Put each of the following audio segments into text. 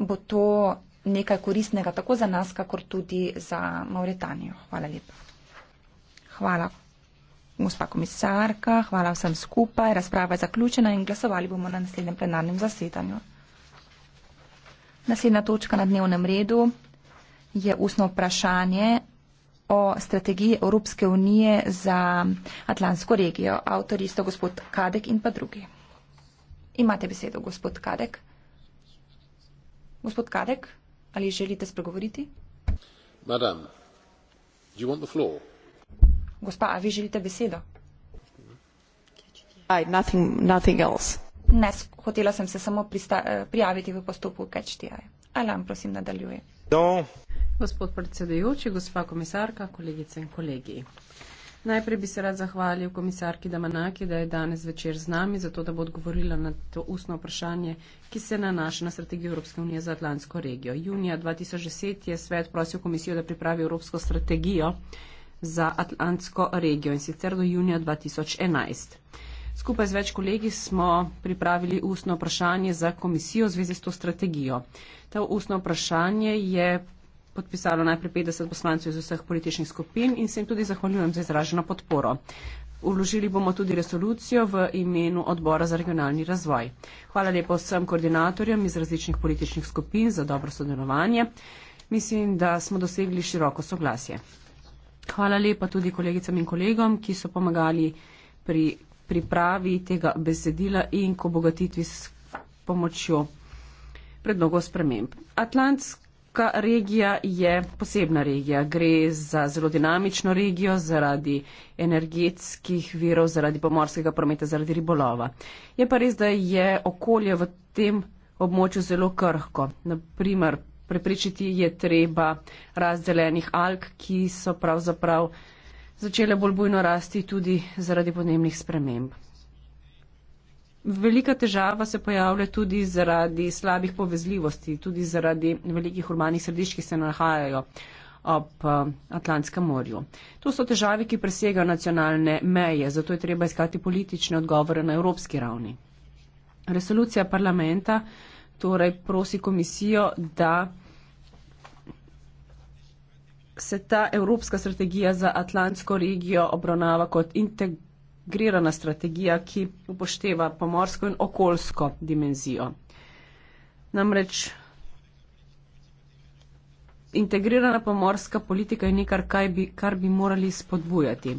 bo to nekaj koristnega tako za nas, kakor tudi za Mauretanijo. Hvala lepa. Hvala, gospa komisarka, hvala vsem skupaj. Razprava je zaključena in glasovali bomo na naslednjem plenarnem zasedanju. Naslednja točka na dnevnem redu je ustno vprašanje o strategiji Evropske unije za Atlantsko regijo. Avtori so gospod Kadek in pa drugi. Imate besedo, gospod Kadek gospod kadek ali želite spregovoriti madam do you want the floor gospa a vi želite besedo I, nothing, nothing else. ne hotela sem se samo prista, eh, prijaviti v postopku catch ti alan prosim nadaljuje no. gospod predsedujoči gospa komisarka kolegice in kolegi Najprej bi se rad zahvalil komisarki Damanaki, da je danes večer z nami, zato da bo odgovorila na to ustno vprašanje, ki se nanaša na strategijo Evropske unije za Atlantsko regijo. Junija 2010 je svet prosil komisijo, da pripravi Evropsko strategijo za Atlantsko regijo in sicer do junija 2011. Skupaj z več kolegi smo pripravili ustno vprašanje za komisijo v zvezi s to strategijo. To ustno vprašanje je podpisalo najprej 50 poslancev iz vseh političnih skupin in se jim tudi zahvaljujem za izraženo podporo. Uložili bomo tudi resolucijo v imenu odbora za regionalni razvoj. Hvala lepo vsem koordinatorjem iz različnih političnih skupin za dobro sodelovanje. Mislim, da smo dosegli široko soglasje. Hvala lepa tudi kolegicam in kolegom, ki so pomagali pri pripravi tega besedila in k obogatitvi s pomočjo predlogov sprememb. Atlantsk Koroška regija je posebna regija. Gre za zelo dinamično regijo zaradi energetskih virov, zaradi pomorskega prometa, zaradi ribolova. Je pa res, da je okolje v tem območju zelo krhko. Naprimer, prepričati je treba razdeljenih alg, ki so pravzaprav začele bolj bujno rasti tudi zaradi podnebnih sprememb. Velika težava se pojavlja tudi zaradi slabih povezljivosti, tudi zaradi velikih urbanih središč, ki se nahajajo ob eh, Atlantskem morju. To so težave, ki presegajo nacionalne meje, zato je treba iskati politične odgovore na evropski ravni. Resolucija parlamenta torej prosi komisijo, da se ta evropska strategija za Atlantsko regijo obravnava kot integracija integrirana strategija, ki upošteva pomorsko in okoljsko dimenzijo. Namreč integrirana pomorska politika je nekaj, kar bi, kar bi morali spodbujati.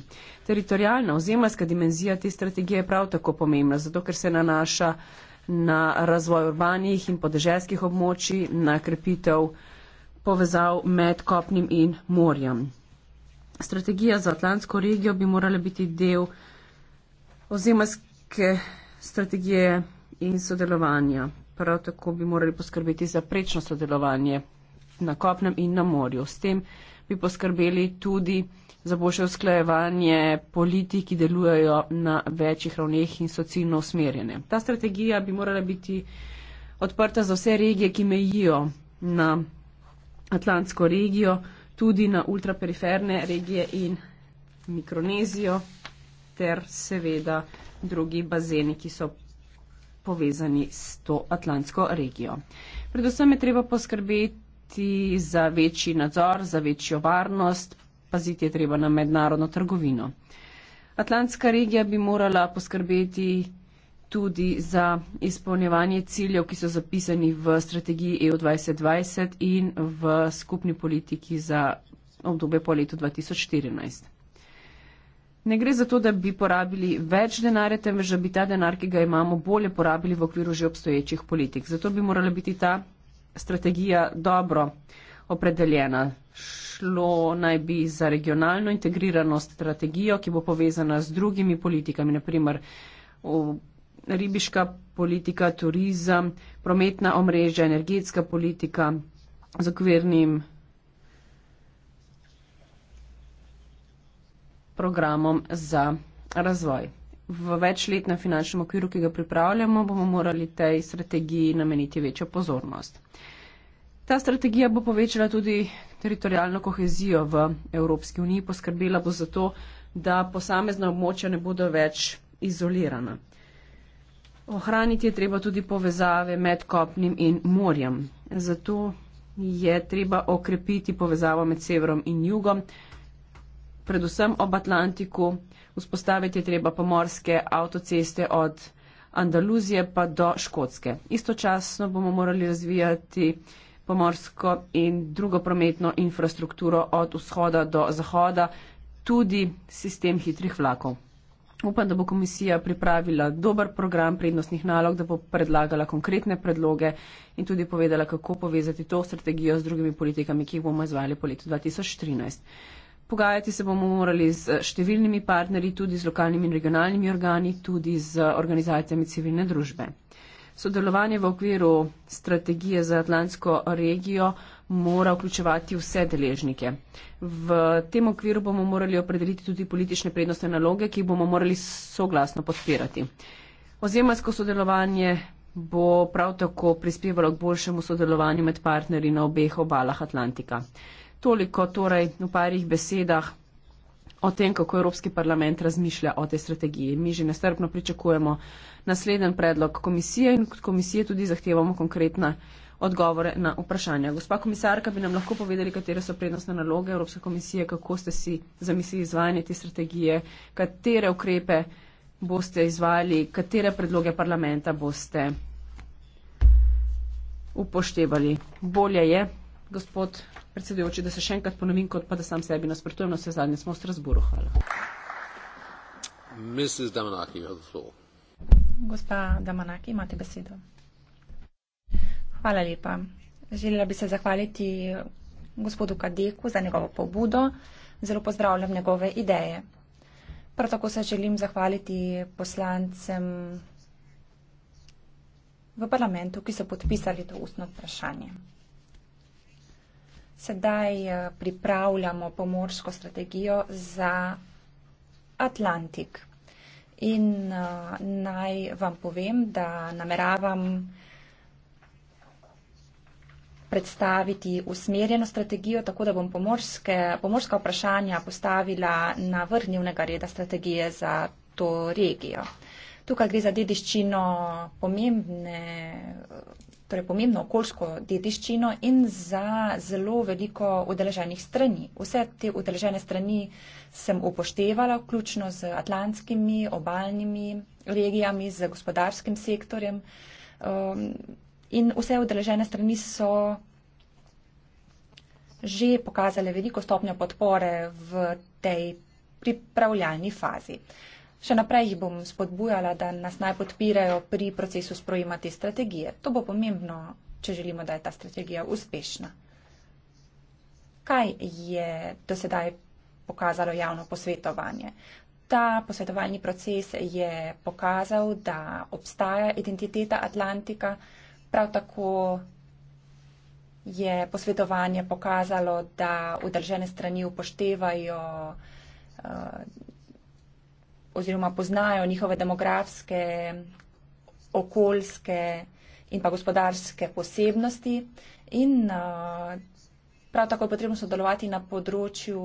Teritorijalna ozemljska dimenzija te strategije je prav tako pomembna, zato ker se nanaša na razvoj urbanih in podeželskih območij, na krepitev povezav med kopnim in morjem. Strategija za Atlantsko regijo bi morala biti del ozemljske strategije in sodelovanja. Prav tako bi morali poskrbeti za prečno sodelovanje na kopnem in na morju. S tem bi poskrbeli tudi za boljše usklajevanje politik, ki delujejo na večjih ravneh in so ciljno usmerjene. Ta strategija bi morala biti odprta za vse regije, ki mejijo na Atlantsko regijo, tudi na ultraperiferne regije in Mikronezijo ter seveda drugi bazeni, ki so povezani s to Atlantsko regijo. Predvsem je treba poskrbeti za večji nadzor, za večjo varnost, paziti je treba na mednarodno trgovino. Atlantska regija bi morala poskrbeti tudi za izpolnjevanje ciljev, ki so zapisani v strategiji EU 2020 in v skupni politiki za obdobje po letu 2014. Ne gre za to, da bi porabili več denarja, temveč da bi ta denar, ki ga imamo, bolje porabili v okviru že obstoječih politik. Zato bi morala biti ta strategija dobro opredeljena. Šlo naj bi za regionalno integrirano strategijo, ki bo povezana z drugimi politikami, naprimer ribiška politika, turizem, prometna omrežja, energetska politika z okvirnim programom za razvoj. V večletnem finančnem okviru, ki ga pripravljamo, bomo morali tej strategiji nameniti večjo pozornost. Ta strategija bo povečala tudi teritorijalno kohezijo v Evropski uniji, poskrbela bo za to, da posamezna območja ne bodo več izolirana. Ohraniti je treba tudi povezave med kopnim in morjem. Zato je treba okrepiti povezavo med severom in jugom, predvsem ob Atlantiku. Vzpostaviti je treba pomorske avtoceste od Andaluzije pa do Škotske. Istočasno bomo morali razvijati pomorsko in drugo prometno infrastrukturo od vzhoda do zahoda, tudi sistem hitrih vlakov. Upam, da bo komisija pripravila dober program prednostnih nalog, da bo predlagala konkretne predloge in tudi povedala, kako povezati to strategijo z drugimi politikami, ki jih bomo izvali po letu 2013. Pogajati se bomo morali z številnimi partnerji, tudi z lokalnimi in regionalnimi organi, tudi z organizacijami civilne družbe. Sodelovanje v okviru strategije za Atlantsko regijo mora vključevati vse deležnike. V tem okviru bomo morali opredeliti tudi politične prednostne naloge, ki jih bomo morali soglasno podpirati. Ozemalsko sodelovanje bo prav tako prispevalo k boljšemu sodelovanju med partnerji na obeh obalah Atlantika toliko torej v parih besedah o tem, kako Evropski parlament razmišlja o tej strategiji. Mi že nestrpno pričakujemo nasleden predlog komisije in od komisije tudi zahtevamo konkretna odgovore na vprašanja. Gospa komisarka, bi nam lahko povedali, katere so prednostne naloge Evropske komisije, kako ste si zamislili izvajanje te strategije, katere ukrepe boste izvajali, katere predloge parlamenta boste upoštevali. Bolje je, gospod predsedujoči, da se še enkrat ponovim, kot pa da sam sebi nasprotujem, na vse zadnje smo v Strasburu. Hvala. Gospa Damanaki, imate besedo. Hvala lepa. Želela bi se zahvaliti gospodu Kadeku za njegovo pobudo. Zelo pozdravljam njegove ideje. Prav tako se želim zahvaliti poslancem v parlamentu, ki so podpisali to ustno vprašanje sedaj eh, pripravljamo pomorsko strategijo za Atlantik. In uh, naj vam povem, da nameravam predstaviti usmerjeno strategijo, tako da bom pomorske, pomorska vprašanja postavila na vrhnjivnega reda strategije za to regijo. Tukaj gre za dediščino pomembne torej pomembno okoljsko dediščino in za zelo veliko udeleženih strani. Vse te udeležene strani sem upoštevala, vključno z atlantskimi, obaljnimi regijami, z gospodarskim sektorjem. Um, in vse udeležene strani so že pokazale veliko stopnjo podpore v tej pripravljalni fazi. Uh, Še naprej jih bom spodbujala, da nas naj podpirajo pri procesu sprojema te strategije. To bo pomembno, če želimo, da je ta strategija uspešna. Kaj je do sedaj pokazalo javno posvetovanje? Ta posvetovalni proces je pokazal, da obstaja identiteta Atlantika, prav tako je posvetovanje pokazalo, da udržene strani upoštevajo uh, oziroma poznajo njihove demografske, okoljske in pa gospodarske posebnosti. In eh, prav tako je potrebno sodelovati na področju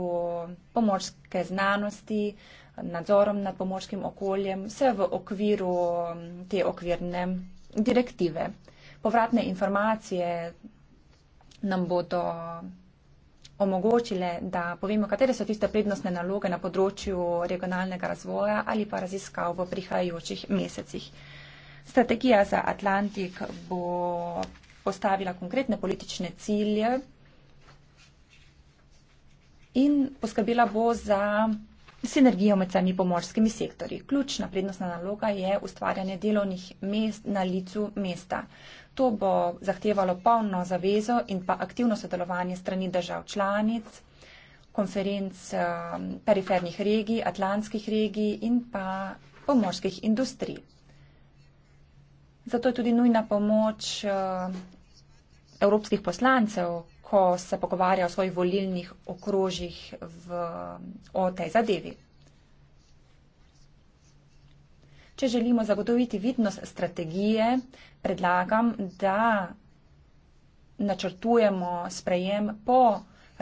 pomorske znanosti, nadzorom nad pomorskim okoljem, vse v okviru eh, te okvirne direktive. Povratne informacije nam bodo omogočile, da povemo, katere so tiste prednostne naloge na področju regionalnega razvoja ali pa raziskav v prihajajočih mesecih. Strategija za Atlantik bo postavila konkretne politične cilje in poskrbila bo za sinergijo med samimi pomorskimi sektorji. Ključna prednostna naloga je ustvarjanje delovnih mest na licu mesta. To bo zahtevalo polno zavezo in pa aktivno sodelovanje strani držav članic, konferenc um, perifernih regij, atlantskih regij in pa pomorskih industrij. Zato je tudi nujna pomoč um, evropskih poslancev, ko se pogovarja o svojih volilnih okrožjih v, um, o tej zadevi. Če želimo zagotoviti vidnost strategije, predlagam, da načrtujemo sprejem po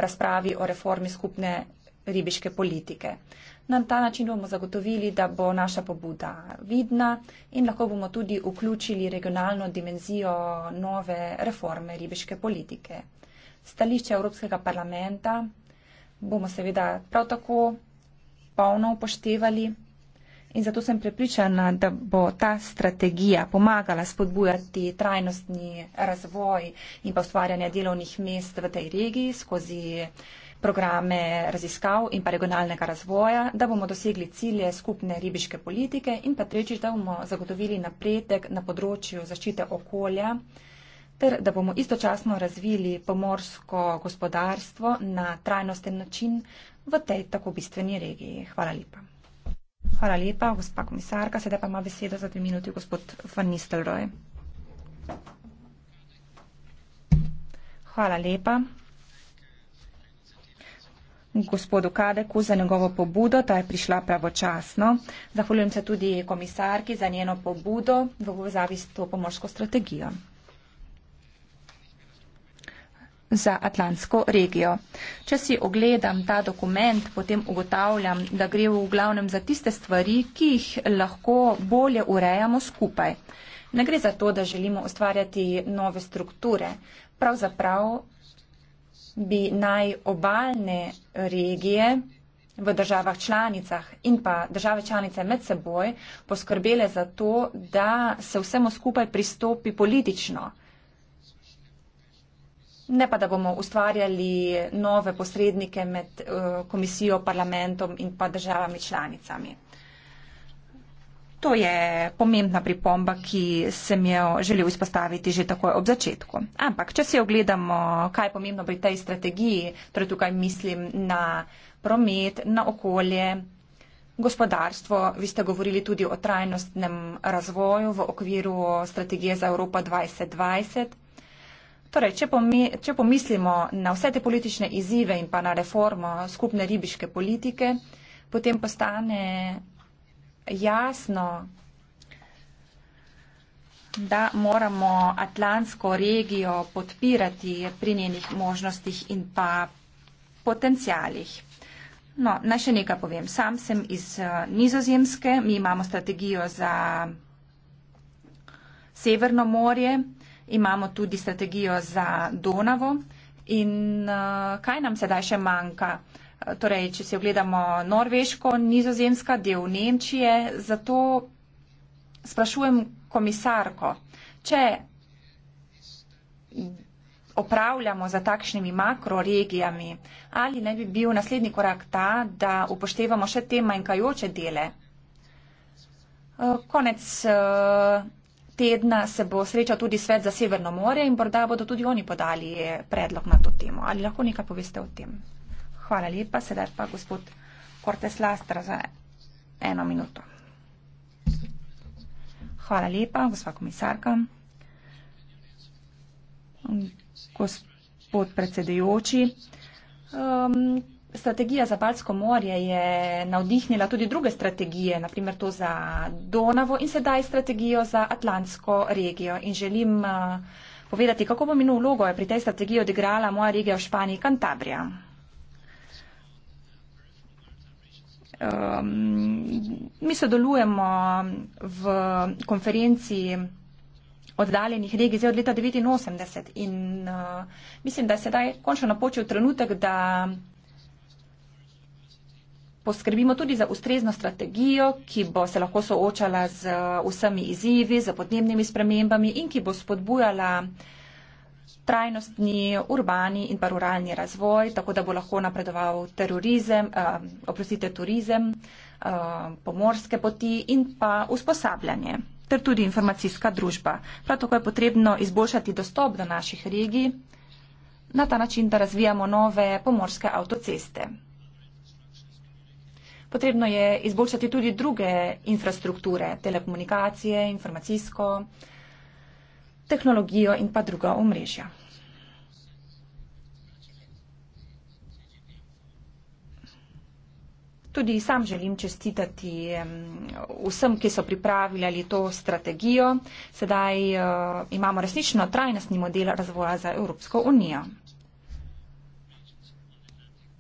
razpravi o reformi skupne ribiške politike. Na ta način bomo zagotovili, da bo naša pobuda vidna in lahko bomo tudi vključili regionalno dimenzijo nove reforme ribiške politike. Stališče Evropskega parlamenta bomo seveda prav tako polno upoštevali. In zato sem prepričana, da bo ta strategija pomagala spodbujati trajnostni razvoj in pa ustvarjanje delovnih mest v tej regiji skozi programe raziskav in pa regionalnega razvoja, da bomo dosegli cilje skupne ribiške politike in pa tretjič, da bomo zagotovili napredek na področju zaščite okolja ter da bomo istočasno razvili pomorsko gospodarstvo na trajnosten način v tej tako bistveni regiji. Hvala lepa. Hvala lepa, gospa komisarka. Sedaj pa ima besedo za dve minuti gospod van Nistelrooy. Hvala lepa gospodu Kadeku za njegovo pobudo, ta je prišla pravočasno. Zahvaljujem se tudi komisarki za njeno pobudo v povezavi s to pomorsko strategijo za Atlantsko regijo. Če si ogledam ta dokument, potem ugotavljam, da gre v glavnem za tiste stvari, ki jih lahko bolje urejamo skupaj. Ne gre za to, da želimo ustvarjati nove strukture. Pravzaprav bi naj obalne regije v državah članicah in pa države članice med seboj poskrbele za to, da se vsemu skupaj pristopi politično ne pa da bomo ustvarjali nove posrednike med eh, komisijo, parlamentom in pa državami članicami. To je pomembna pripomba, ki sem jo želel izpostaviti že takoj ob začetku. Ampak, če si ogledamo, kaj je pomembno pri tej strategiji, torej tukaj mislim na promet, na okolje, gospodarstvo, vi ste govorili tudi o trajnostnem razvoju v okviru strategije za Evropa 2020, Torej, če, pomi, če pomislimo na vse te politične izzive in pa na reformo skupne ribiške politike, potem postane jasno, da moramo Atlantsko regijo podpirati pri njenih možnostih in pa potencijalih. No, naj še nekaj povem. Sam sem iz eh, Nizozemske, mi imamo strategijo za Severno morje imamo tudi strategijo za Donavo. In uh, kaj nam sedaj še manjka? Eh, torej, če se ogledamo Norveško, Nizozemska, del Nemčije, zato sprašujem komisarko, če opravljamo za takšnimi makroregijami, ali ne bi bil naslednji korak ta, da upoštevamo še te manjkajoče dele. Eh, konec. Uh, tedna se bo srečal tudi svet za Severno more in morda bodo tudi oni podali predlog na to temo. Ali lahko nekaj poveste o tem? Hvala lepa. Sedaj pa gospod Kortes Lastr za eno minuto. Hvala lepa, gospa komisarka. Gospod predsedujoči. Um, Strategija za Balsko morje je navdihnila tudi druge strategije, naprimer to za Donavo in sedaj strategijo za Atlantsko regijo. In želim uh, povedati, kako bo minul vlogo je pri tej strategiji odigrala moja regija v Španiji, Kantabrija. Um, mi sodelujemo v konferenci oddaljenih regij zdaj od leta 1989 in uh, mislim, da je sedaj končno napočil trenutek, da poskrbimo tudi za ustrezno strategijo, ki bo se lahko soočala z eh, vsemi izzivi, z podnebnimi spremembami in ki bo spodbujala trajnostni, urbani in pa ruralni razvoj, tako da bo lahko napredoval terorizem, eh, oprostite, turizem, eh, pomorske poti in pa usposabljanje ter tudi informacijska družba. Prav tako je potrebno izboljšati dostop do naših regij na ta način, da razvijamo nove pomorske avtoceste. Potrebno je izboljšati tudi druge infrastrukture, telekomunikacije, informacijsko tehnologijo in pa druga omrežja. Tudi sam želim čestitati vsem, ki so pripravljali to strategijo. Sedaj eh, imamo resnično trajnostni model razvoja za Evropsko unijo.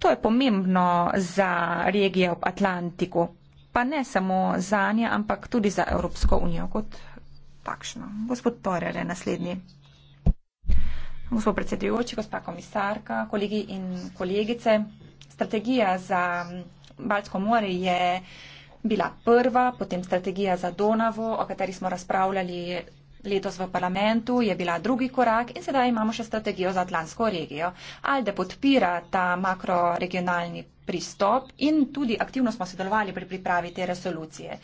To je pomembno za regije ob Atlantiku, pa ne samo za nje, ampak tudi za Evropsko unijo kot takšno. Gospod Torjer je naslednji. Gospod predsedujoči, gospa komisarka, kolegi in kolegice. Strategija za Balsko more je bila prva, potem strategija za Donavo, o kateri smo razpravljali Letos v parlamentu je bila drugi korak in sedaj imamo še strategijo za Atlantsko regijo. Alde podpira ta makroregionalni pristop in tudi aktivno smo sodelovali pri pripravi te resolucije.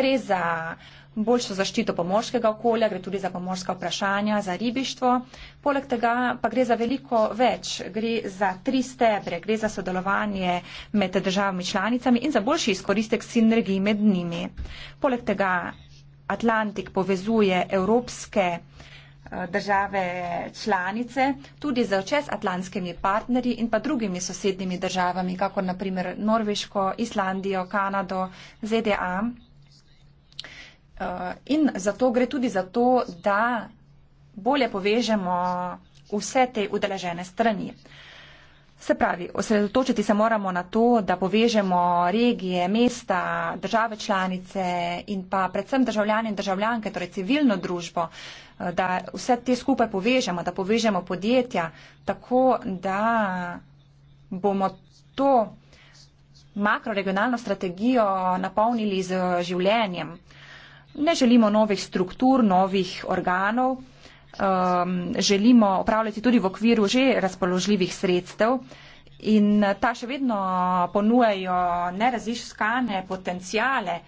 Gre za boljšo zaščito pomorskega okolja, gre tudi za pomorska vprašanja, za ribištvo. Poleg tega pa gre za veliko več, gre za tri stebre, gre za sodelovanje med državami članicami in za boljši izkoristek sinergij med njimi. Poleg tega Atlantik povezuje evropske eh, države članice, tudi za čez atlantskimi partnerji in pa drugimi sosednjimi državami, kako naprimer Norveško, Islandijo, Kanado, ZDA. Eh, in zato gre tudi za to, da bolje povežemo vse te udeležene strani. Se pravi, osredotočiti se moramo na to, da povežemo regije, mesta, države članice in pa predvsem državljane in državljanke, torej civilno družbo, eh, da vse te skupaj povežemo, da povežemo podjetja, tako da bomo to makroregionalno strategijo napolnili z življenjem. Ne želimo novih struktur, novih organov, um, želimo opravljati tudi v okviru že razpoložljivih sredstev. In uh, ta še vedno ponujajo neraziskane potencijale.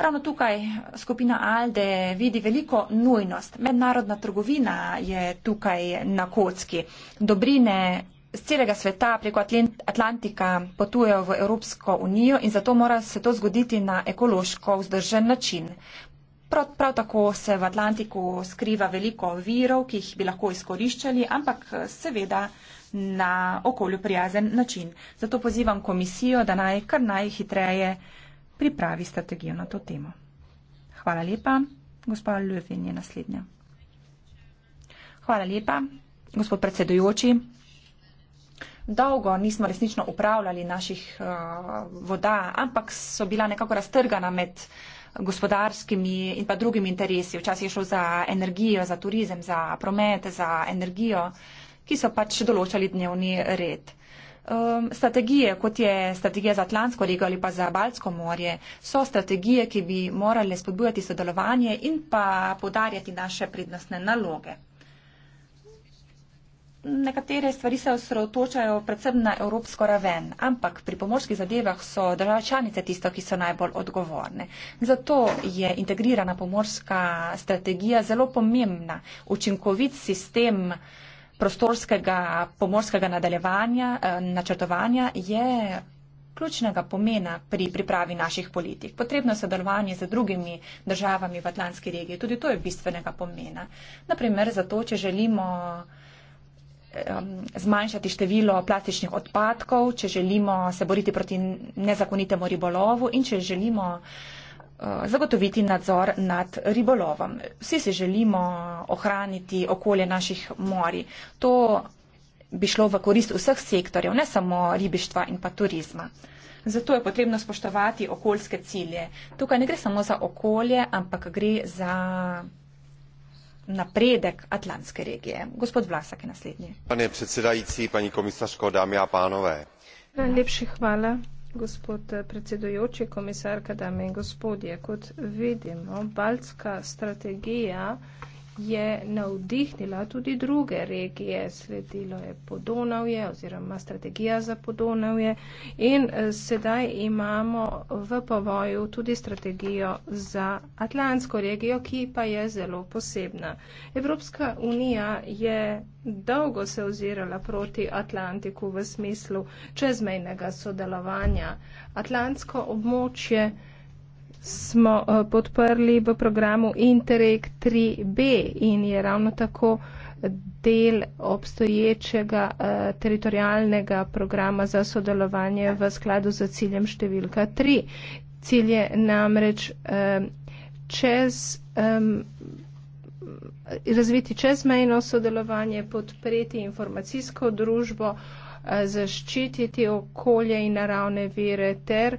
Ravno tukaj skupina Alde vidi veliko nujnost. Mednarodna trgovina je tukaj na kocki. Dobrine z celega sveta preko Atlantika potujejo v Evropsko unijo in zato mora se to zgoditi na ekološko vzdržen način. Prav, prav tako se v Atlantiku skriva veliko virov, ki jih bi lahko izkoriščali, ampak eh, seveda na okolju prijazen način. Zato pozivam komisijo, da naj kar najhitreje pripravi strategijo na to temo. Hvala lepa. Gospod Ljuvin je naslednja. Hvala lepa, gospod predsedujoči. Dolgo nismo resnično upravljali naših uh, voda, ampak so bila nekako raztrgana med uh, gospodarskimi in pa drugimi interesi. Včasih je šlo za energijo, za turizem, za promet, za energijo, ki so pač določali dnevni red. Um, strategije, kot je strategija za Atlantsko regijo ali pa za Balsko morje, so strategije, ki bi morali spodbujati sodelovanje in pa podarjati naše prednostne naloge. Nekatere stvari se osredotočajo predvsem na evropsko raven, ampak pri pomorskih zadevah so država članice tisto, ki so najbolj odgovorne. Zato je integrirana pomorska strategija zelo pomembna, učinkovit sistem prostorskega pomorskega nadaljevanja, eh, načrtovanja je ključnega pomena pri pripravi naših politik. Potrebno je sodelovanje z drugimi državami v Atlantski regiji. Tudi to je bistvenega pomena. Naprimer, zato, če želimo Um, zmanjšati število plastičnih odpadkov, če želimo se boriti proti nezakonitemu ribolovu in če želimo uh, zagotoviti nadzor nad ribolovom. Vsi si želimo ohraniti okolje naših mori. To bi šlo v korist vseh sektorjev, ne samo ribištva in pa turizma. Zato je potrebno spoštovati okoljske cilje. Tukaj ne gre samo za okolje, ampak gre za napredek atlantské regie. Gospod Vlasak je naslednji. Pane předsedající, paní komisařko, dámy a pánové. Najlepši hvala, gospod eh, predsedujoči, komisarka, dame in gospodje. Kot vidimo, baltska strategija je navdihnila tudi druge regije, sledilo je Podonavje oziroma strategija za Podonavje in eh, sedaj imamo v povoju tudi strategijo za Atlantsko regijo, ki pa je zelo posebna. Evropska unija je dolgo se ozirala proti Atlantiku v smislu čezmejnega sodelovanja. Atlantsko območje smo eh, podprli v programu Interreg 3B in je ravno tako del obstoječega eh, teritorijalnega programa za sodelovanje v skladu z ciljem številka 3. Cilj je namreč eh, čez, razviti čezmejno sodelovanje, podpreti informacijsko družbo, zaščititi okolje in naravne vire ter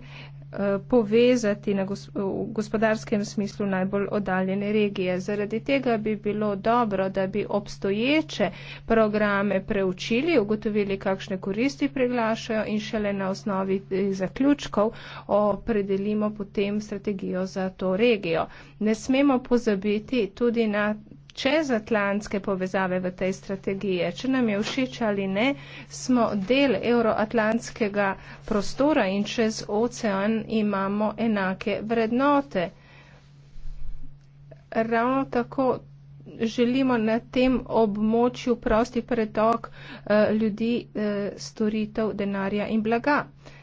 Eh, povezati na gos v gospodarskem smislu najbolj oddaljene regije. Zaradi tega bi bilo dobro, da bi obstoječe programe preučili, ugotovili, kakšne koristi priglašajo in šele na osnovi eh, zaključkov opredelimo potem strategijo za to regijo. Ne smemo pozabiti tudi na čezatlantske povezave v tej strategiji, če nam je všeč ali ne, smo del euroatlantskega prostora in čez ocean imamo enake vrednote. Ravno tako želimo na tem območju prosti pretok eh, ljudi, eh, storitev, denarja in blaga. Eh,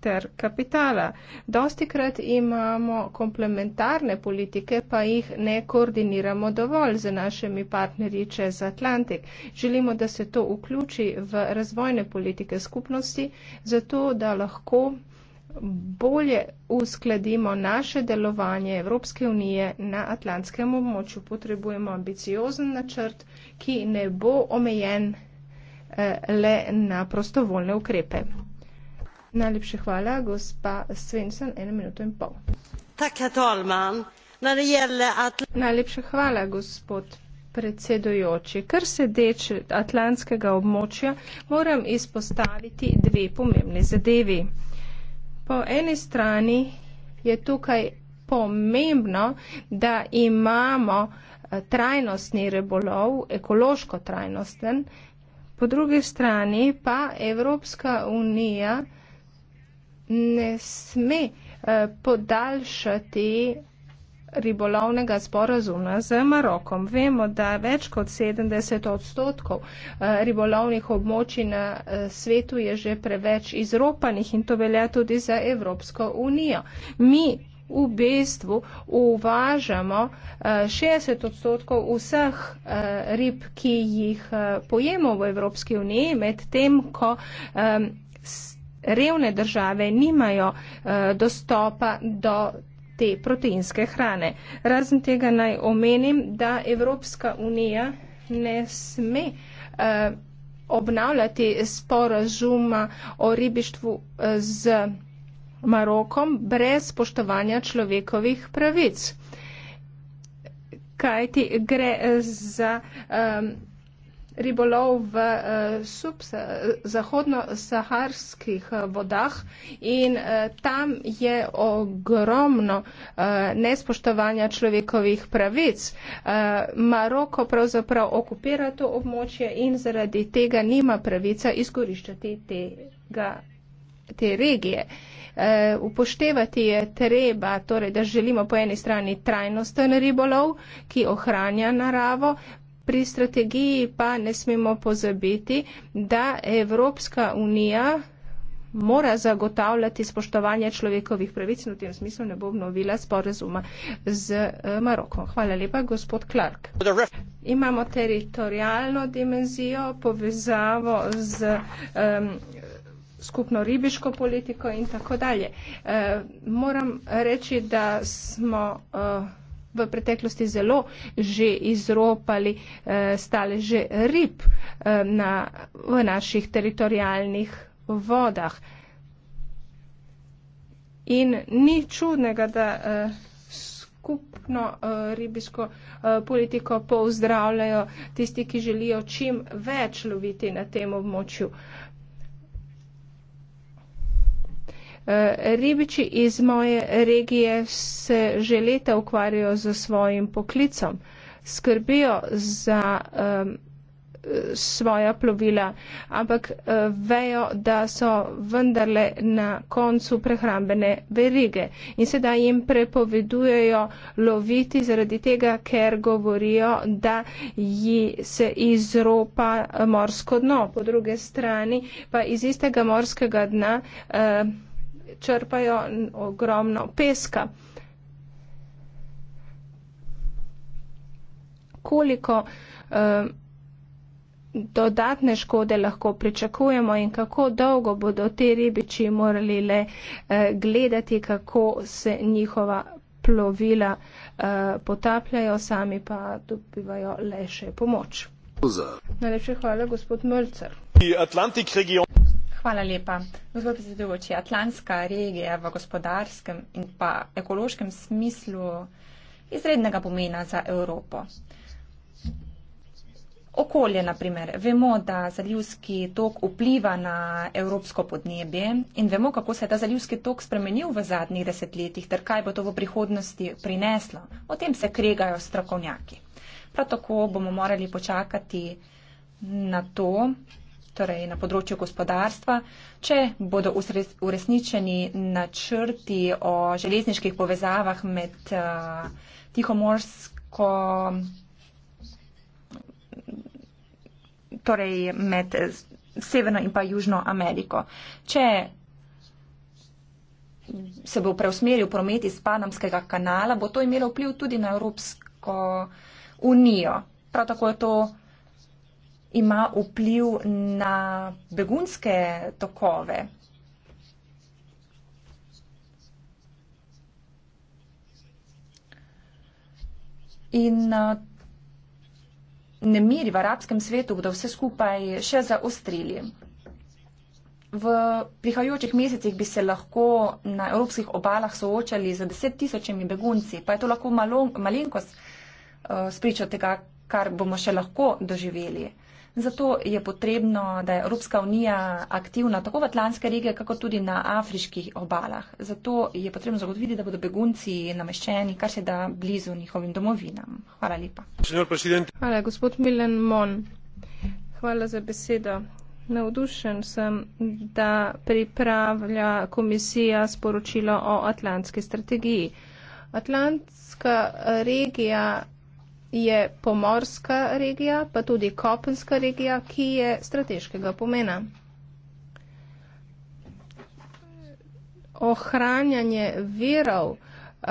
ter kapitala. Dostikrat imamo komplementarne politike, pa jih ne koordiniramo dovolj z našimi partnerji čez Atlantik. Želimo, da se to vključi v razvojne politike skupnosti, zato da lahko bolje uskladimo naše delovanje Evropske unije na atlantskem območju. Potrebujemo ambiciozen načrt, ki ne bo omejen eh, le na prostovoljne ukrepe. Najlepša hvala, gospa Svensson, eno minuto in pol. Tak, talman. När det gäller att... Najlepša hvala, gospod predsedujoči. Kar se deče atlantskega območja, moram izpostaviti dve pomembne zadevi. Po eni strani je tukaj pomembno, da imamo eh, trajnostni ribolov, ekološko trajnosten, po drugi strani pa Evropska unija ne sme eh, podaljšati ribolovnega sporazuma z Marokom. Vemo, da več kot 70 odstotkov eh, ribolovnih območij na eh, svetu je že preveč izropanih in to velja tudi za Evropsko unijo. Mi v bistvu uvažamo 60 odstotkov vseh rib, ki jih pojemo v Evropski uniji, med tem, ko revne države nimajo uh, dostopa do te proteinske hrane. Razen tega naj omenim, da Evropska unija ne sme uh, obnavljati sporazuma o ribištvu eh, z Marokom brez spoštovanja človekovih pravic. Kaj ti gre za um, ribolov v eh, subzahodno-saharskih eh, vodah in eh, tam je ogromno nespoštovanja človekovih pravic. Maroko pravzaprav okupira to območje in zaradi tega nima pravica izkoriščati tega te regije. Uh, upoštevati je treba, torej, da želimo po eni strani trajnosten ribolov, ki ohranja naravo, pri strategiji pa ne smemo pozabiti, da Evropska unija mora zagotavljati spoštovanje človekovih pravic in v tem smislu ne bo obnovila sporazuma z eh, Marokom. Hvala lepa, gospod Clark. Imamo teritorijalno dimenzijo, povezavo z um, skupno ribiško politiko in tako dalje. Uh, moram reči, da smo. Uh, v preteklosti zelo že izropali eh, staleže rib eh, na, v naših teritorijalnih vodah. In ni čudnega, da eh, skupno eh, ribiško eh, politiko pozdravljajo tisti, ki želijo čim več loviti na tem območju. Eh, Eh, ribiči iz moje regije se že leta ukvarjajo z svojim poklicom, skrbijo za um, svoja plovila, ampak uh, vejo, da so vendarle na koncu prehrambene verige in sedaj jim prepovedujejo loviti zaradi tega, ker govorijo, da ji se izropa morsko dno, po druge strani pa iz istega morskega dna. Uh, črpajo ogromno peska. Koliko uh, dodatne škode lahko pričakujemo in kako dolgo bodo te ribiči morali le uh, gledati, kako se njihova plovila uh, potapljajo, sami pa dobivajo le še pomoč. Najlepše hvala, gospod Mölcer. Hvala lepa. Gospod predsedujoč, je Atlantska regija v gospodarskem in pa ekološkem smislu izrednega pomena za Evropo. Okolje, naprimer, vemo, da zalivski tok vpliva na evropsko podnebje in vemo, kako se je ta zalivski tok spremenil v zadnjih desetletjih ter kaj bo to v prihodnosti prineslo. O tem se kregajo strokovnjaki. Prav tako bomo morali počakati na to, torej na področju gospodarstva, če bodo uresničeni načrti o železniških povezavah med uh, eh, Tihomorsko, torej med eh, Severno in pa Južno Ameriko. Če se bo preusmeril promet iz Panamskega kanala, bo to imelo vpliv tudi na Evropsko unijo. Prav tako je to ima vpliv na begunske tokove. In uh, nemiri v arabskem svetu bodo vse skupaj še zaostrili. V prihajajočih mesecih bi se lahko na evropskih obalah soočali z deset tisočami begunci, pa je to lahko malo, malenkost uh, spričo tega, kar bomo še lahko doživeli. Zato je potrebno, da je Evropska unija aktivna tako v Atlantske regije, kako tudi na afriških obalah. Zato je potrebno zagotoviti, da bodo begunci nameščeni kar se da blizu njihovim domovinam. Hvala lepa. Hvala, gospod Milen Mon. Hvala za besedo. Navdušen sem, da pripravlja komisija sporočilo o atlantski strategiji. Atlantska regija je pomorska regija, pa tudi kopenska regija, ki je strateškega pomena. Ohranjanje virov uh,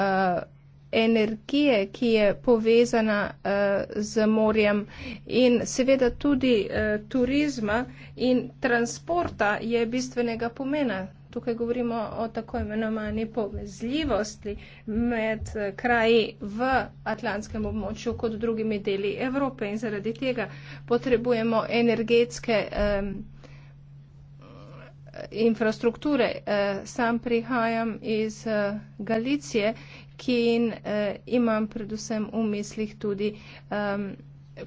energije, ki je povezana uh, z morjem in seveda tudi uh, turizma in transporta je bistvenega pomena. Tukaj govorimo o tako imenovani povezljivosti med eh, kraji v Atlantskem območju kot drugimi deli Evrope in zaradi tega potrebujemo energetske um, infrastrukture. Uh, sam prihajam iz uh, Galicije, ki in, uh, imam predvsem v mislih tudi um,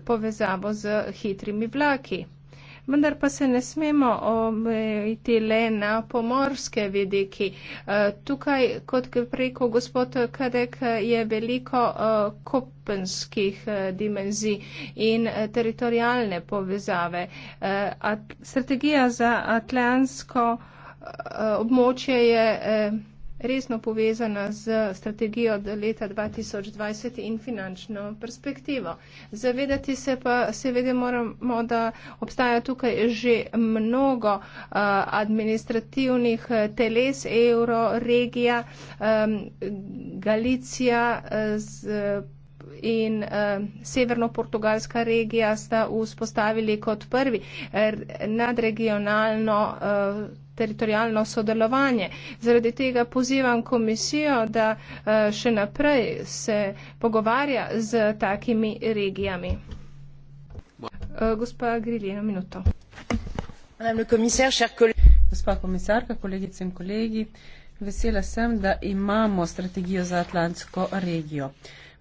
povezavo z hitrimi vlaki vendar pa se ne smemo omejiti le na pomorske vidiki. Eh, tukaj, kot preko gospod Kadek, je veliko eh, kopenskih eh, dimenzij in teritorijalne povezave. Strategija za atlansko območje je resno povezana z strategijo do leta 2020 in finančno perspektivo. Zavedati se pa seveda moramo, da obstaja tukaj že mnogo uh, administrativnih eh, teles, euro, regija, um, Galicija. Uh, z, uh, in uh, severno-portugalska regija sta vzpostavili kot prvi eh, nadregionalno uh, teritorijalno sodelovanje. Zaradi tega pozivam komisijo, da uh, še naprej se pogovarja z takimi regijami. Uh, gospa Grili, eno minuto. Gospa komisarka, kolegice in kolegi, vesela sem, da imamo strategijo za Atlantsko regijo. Uh,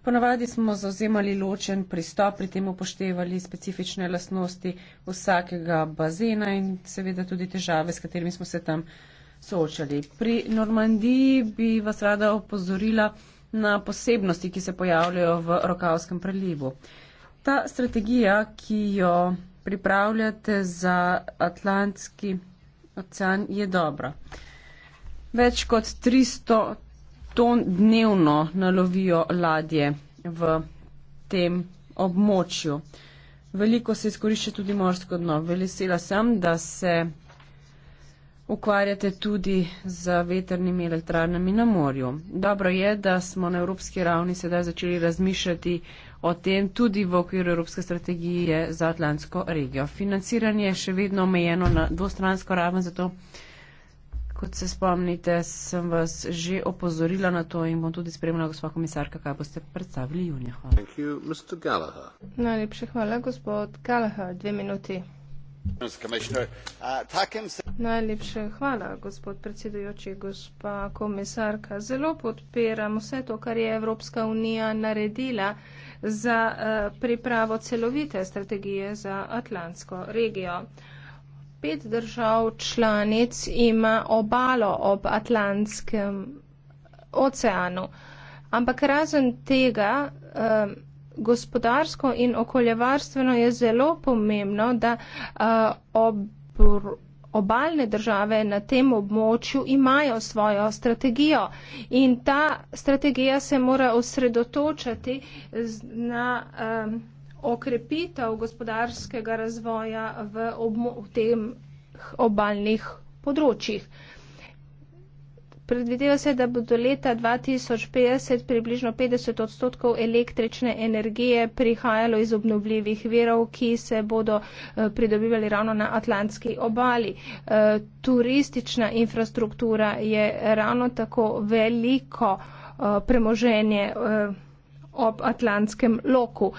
Ponavadi smo zauzemali ločen pristop, pri tem upoštevali specifične lastnosti vsakega bazena in seveda tudi težave, s katerimi smo se tam soočali. Pri Normandiji bi vas rada opozorila na posebnosti, ki se pojavljajo v Rokavskem prelivu. Ta strategija, ki jo pripravljate za Atlantski ocean, je dobra. Več kot 300 ton dnevno nalovijo ladje v tem območju. Veliko se izkorišča tudi morsko dno. Velesela sem, da se ukvarjate tudi z veternimi elektrarnami na morju. Dobro je, da smo na evropski ravni sedaj začeli razmišljati o tem tudi v okviru evropske strategije za Atlantsko regijo. Financiranje je še vedno omejeno na dvostransko raven, zato Kot se spomnite, sem vas že opozorila na to in bom tudi spremljala, gospa komisarka, kaj boste predstavili junija. Hvala. Najlepše hvala, gospod Gallagher. Dve minuti. Uh, Najlepše hvala, gospod predsedujoči, gospa komisarka. Zelo podpiram vse to, kar je Evropska unija naredila za uh, pripravo celovite strategije za Atlantsko regijo. Uh, pet držav članic ima obalo ob Atlantskem oceanu. Ampak razen tega, eh, gospodarsko in okoljevarstveno je zelo pomembno, da eh, ob, obalne države na tem območju imajo svojo strategijo. In ta strategija se mora osredotočati na. Eh, okrepitev gospodarskega razvoja v, v tem obaljnih področjih. Predvideva se, da bo do leta 2050 približno 50 odstotkov električne energije prihajalo iz obnovljivih verov, ki se bodo eh, pridobivali ravno na atlantski obali. Eh, turistična infrastruktura je ravno tako veliko eh, premoženje ob atlantskem loku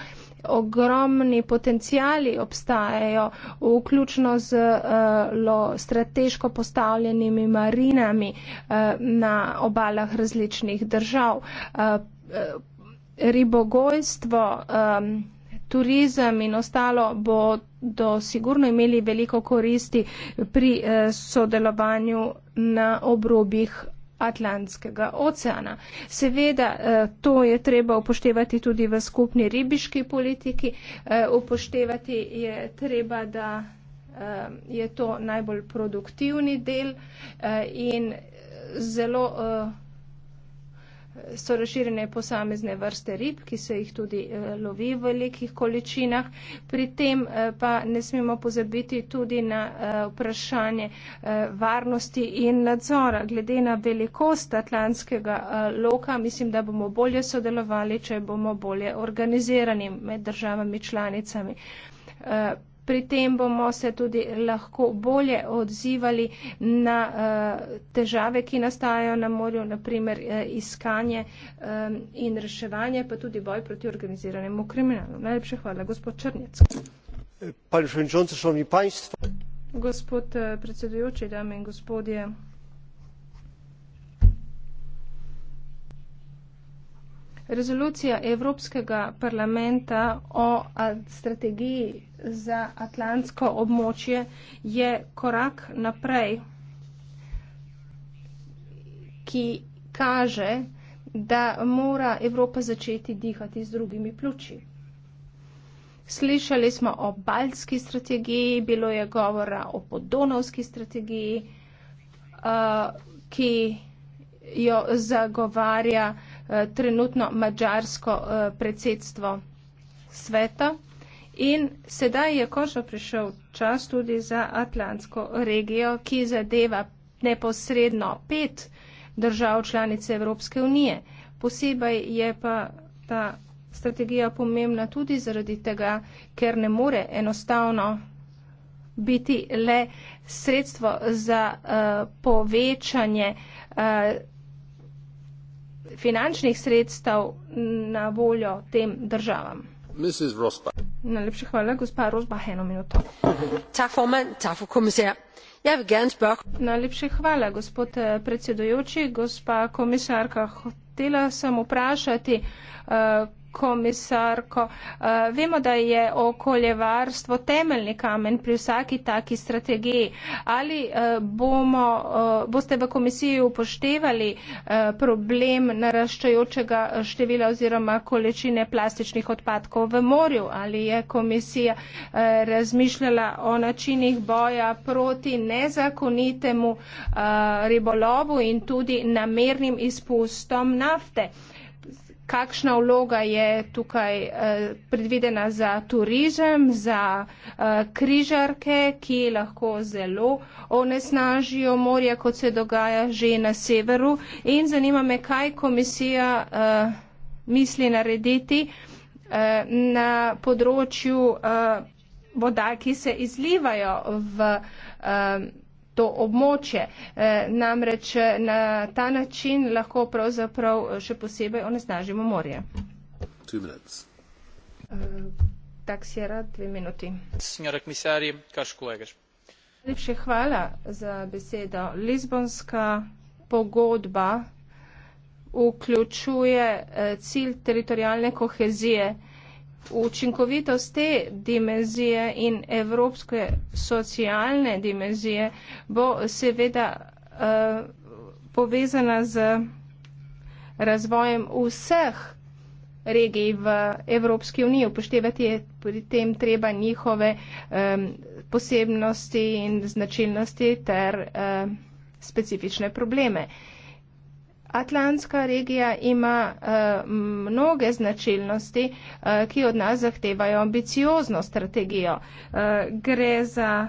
ogromni potencijali obstajajo, vključno z uh, lo, strateško postavljenimi marinami uh, na obalah različnih držav. Uh, ribogojstvo, um, turizem in ostalo bo do sigurno imeli veliko koristi pri uh, sodelovanju na obrobjih Atlantskega oceana. Seveda, eh, to je treba upoštevati tudi v skupni ribiški politiki. Eh, upoštevati je treba, da eh, je to najbolj produktivni del in zelo so razširjene posamezne vrste rib, ki se jih tudi eh, lovi v velikih količinah. Pri tem eh, pa ne smemo pozabiti tudi na eh, vprašanje varnosti in nadzora. Glede na velikost atlantskega loka, mislim, da bomo bolje sodelovali, če bomo bolje organizirani med državami članicami. Pri tem bomo se tudi lahko bolje odzivali na eh, težave, ki nastajajo na morju, naprimer eh, iskanje eh, in reševanje, pa tudi boj proti organiziranemu kriminalu. Najlepša hvala, gospod Črnec. Gospod predsedujoči, dame in gospodje. Rezolucija Evropskega parlamenta o strategiji za atlantsko območje je korak naprej, ki kaže, da mora Evropa začeti dihati z drugimi pljuči. Slišali smo o baljski strategiji, bilo je govora o podonovski strategiji, uh, ki jo zagovarja uh, Eh, trenutno mađarsko eh, predsedstvo sveta. In sedaj je končno prišel čas tudi za Atlantsko regijo, ki zadeva neposredno pet držav članice Evropske unije. Posebej je pa ta strategija pomembna tudi zaradi tega, ker ne more enostavno biti le sredstvo za uh, povečanje uh, finančnih sredstev na voljo tem državam. Najlepša hvala, gospa Rosbach, eno minuto. Tak formand, tak for Jeg vil gerne spørge. Najlepša hvala, gospod eh, predsedujoči, gospa komisarka. Hotela sem vprašati, uh, komisarko. Eh, vemo, da je okoljevarstvo temeljni kamen pri vsaki taki strategiji. Ali eh, bomo, eh, boste v komisiji upoštevali problem naraščajočega števila oziroma količine plastičnih odpadkov v morju? Ali je komisija razmišljala o načinih boja proti nezakonitemu ribolovu in tudi namernim izpustom nafte? kakšna vloga je tukaj eh, predvidena za turizem, za eh, križarke, ki lahko zelo onesnažijo morje, kot se dogaja že na severu. In zanima me, kaj komisija eh, misli narediti na področju voda, ki se izlivajo v to območje. Eh, namreč eh, na ta način lahko pravzaprav eh, še posebej onesnažimo morje. Tak si rad dve minuti. Signora komisarji, kaš kolegaš. Najlepše hvala za besedo. Lizbonska pogodba vključuje cilj teritorijalne kohezije učinkovitost te dimenzije in evropske socialne dimenzije bo seveda eh, povezana z razvojem vseh regij v Evropski uniji. Upoštevati je pri tem treba njihove um, posebnosti in značilnosti ter um, specifične probleme. Uh, Atlantska regija ima uh, mnoge značilnosti, uh, ki od nas zahtevajo ambiciozno strategijo. Uh, gre za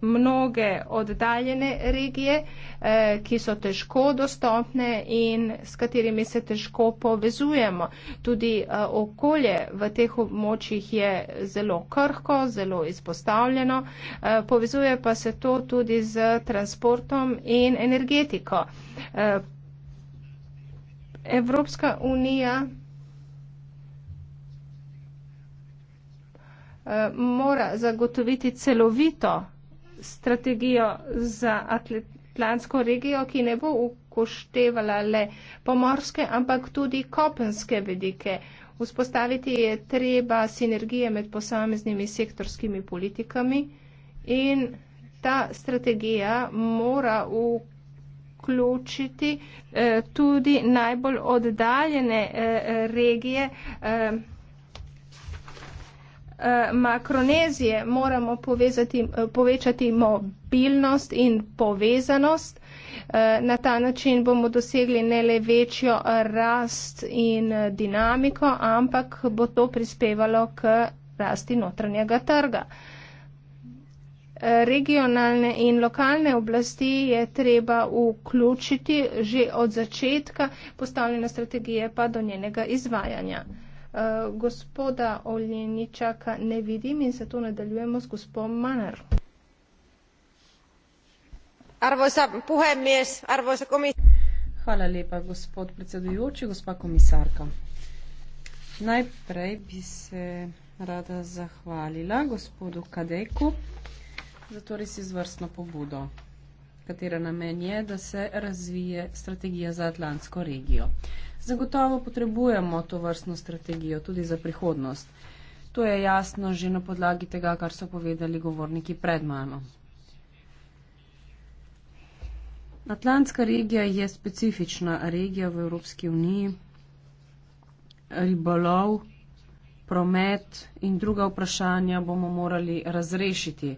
mnoge oddaljene regije, eh, ki so težko dostopne in s katerimi se težko povezujemo. Tudi eh, okolje v teh območjih je zelo krhko, zelo izpostavljeno, eh, povezuje pa se to tudi z transportom in energetiko. Eh, Evropska unija eh, mora zagotoviti celovito strategijo za Atlantsko regijo, ki ne bo ukoštevala le pomorske, ampak tudi kopenske vedike. Vzpostaviti je treba sinergije med posameznimi sektorskimi politikami in ta strategija mora ukoštevati vključiti eh, tudi najbolj oddaljene eh, regije. Eh, eh Makronezije moramo eh, povečati mobilnost in povezanost. Eh, na ta način bomo dosegli ne le večjo rast in dinamiko, ampak bo to prispevalo k rasti notranjega trga regionalne in lokalne oblasti je treba vključiti že od začetka postavljene strategije pa do njenega izvajanja. Eh, gospoda Oljeničaka ne vidim in zato nadaljujemo s gospod Manar. Arvoisa puhemies, arvoisa komis... Hvala lepa, gospod predsedujoči, gospa komisarka. Najprej bi se rada zahvalila gospodu Kadejku, Zato res izvrstno pobudo, katera namen je, da se razvije strategija za Atlantsko regijo. Zagotovo potrebujemo to vrstno strategijo tudi za prihodnost. To je jasno že na podlagi tega, kar so povedali govorniki pred mano. Atlantska regija je specifična regija v Evropski uniji. Ribolov, promet in druga vprašanja bomo morali razrešiti.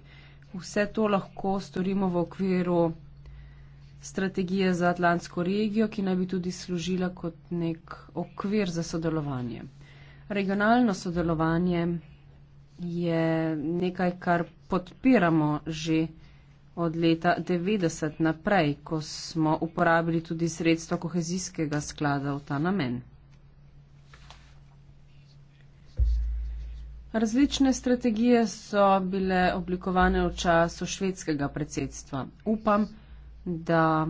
Vse to lahko storimo v okviru strategije za Atlantsko regijo, ki naj bi tudi služila kot nek okvir za sodelovanje. Regionalno sodelovanje je nekaj, kar podpiramo že od leta 90 naprej, ko smo uporabili tudi sredstva kohezijskega sklada v ta namen. Različne strategije so bile oblikovane v času švedskega predsedstva. Upam, da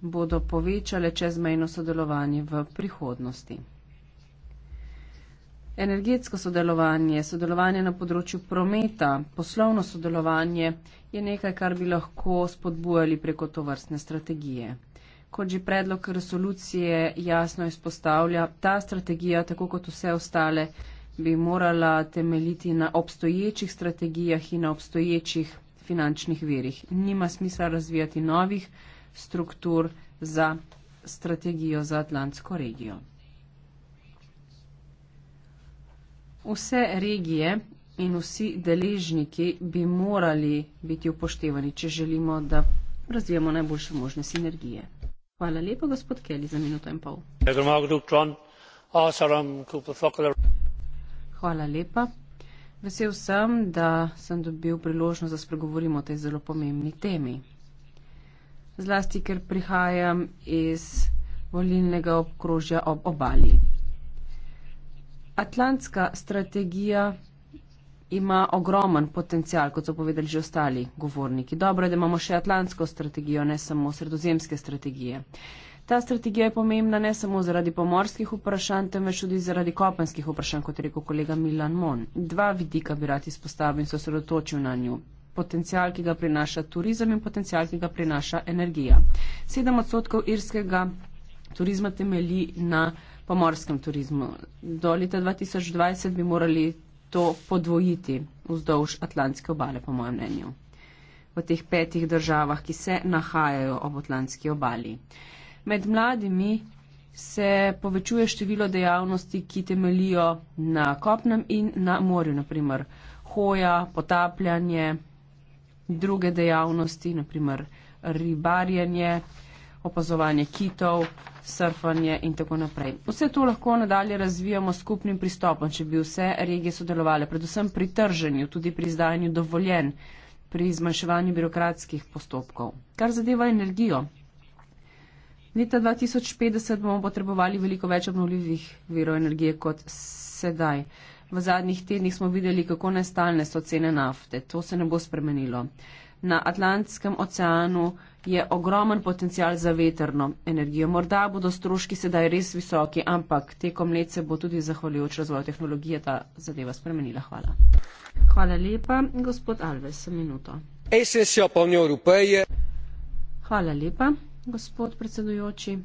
bodo povečale čezmejno sodelovanje v prihodnosti. Energetsko sodelovanje, sodelovanje na področju prometa, poslovno sodelovanje je nekaj, kar bi lahko spodbujali preko to vrstne strategije. Kot že predlog resolucije jasno izpostavlja, ta strategija, tako kot vse ostale, bi morala temeljiti na obstoječih strategijah in na obstoječih finančnih verjih. Nima smisla razvijati novih struktur za strategijo za Atlantsko regijo. Vse regije in vsi deležniki bi morali biti upoštevani, če želimo, da razvijamo najboljše možne sinergije. Hvala lepa, gospod Kelly, za minuto in pol. Hvala lepa. Vesel sem, da sem dobil priložnost, da spregovorimo o tej zelo pomembni temi. Zlasti, ker prihajam iz volilnega okrožja ob obali. Atlantska strategija ima ogromen potencial, kot so povedali že ostali govorniki. Dobro je, da imamo še atlantsko strategijo, ne samo sredozemske strategije. Ta strategija je pomembna ne samo zaradi pomorskih vprašanj, temveč tudi zaradi kopenskih vprašanj, kot je rekel kolega Milan Mon. Dva vidika bi rad izpostavil in se osredotočil na nju. Potencial, ki ga prinaša turizem in potencial, ki ga prinaša energija. Sedem odstotkov irskega turizma temelji na pomorskem turizmu. Do leta 2020 bi morali to podvojiti vzdolž Atlantske obale, po mojem mnenju, v teh petih državah, ki se nahajajo ob Atlantski obali. Med mladimi se povečuje število dejavnosti, ki temelijo na kopnem in na morju, naprimer hoja, potapljanje, druge dejavnosti, naprimer ribarjenje, opazovanje kitov, surfanje in tako naprej. Vse to lahko nadalje razvijamo skupnim pristopom, če bi vse regije sodelovale, predvsem pri trženju, tudi pri izdajanju dovoljen, pri zmanjševanju birokratskih postopkov. Kar zadeva energijo, Leta 2050 bomo potrebovali veliko več obnovljivih virov energije kot sedaj. V zadnjih tednih smo videli, kako nestalne so cene nafte. To se ne bo spremenilo. Na Atlantskem oceanu je ogromen potencial za veterno energijo. Morda bodo stroški sedaj res visoki, ampak tekom let se bo tudi zahvaljujoč razvoju tehnologije ta zadeva spremenila. Hvala. Hvala lepa, gospod Alves, minuto. Hvala lepa gospod predsedujoči.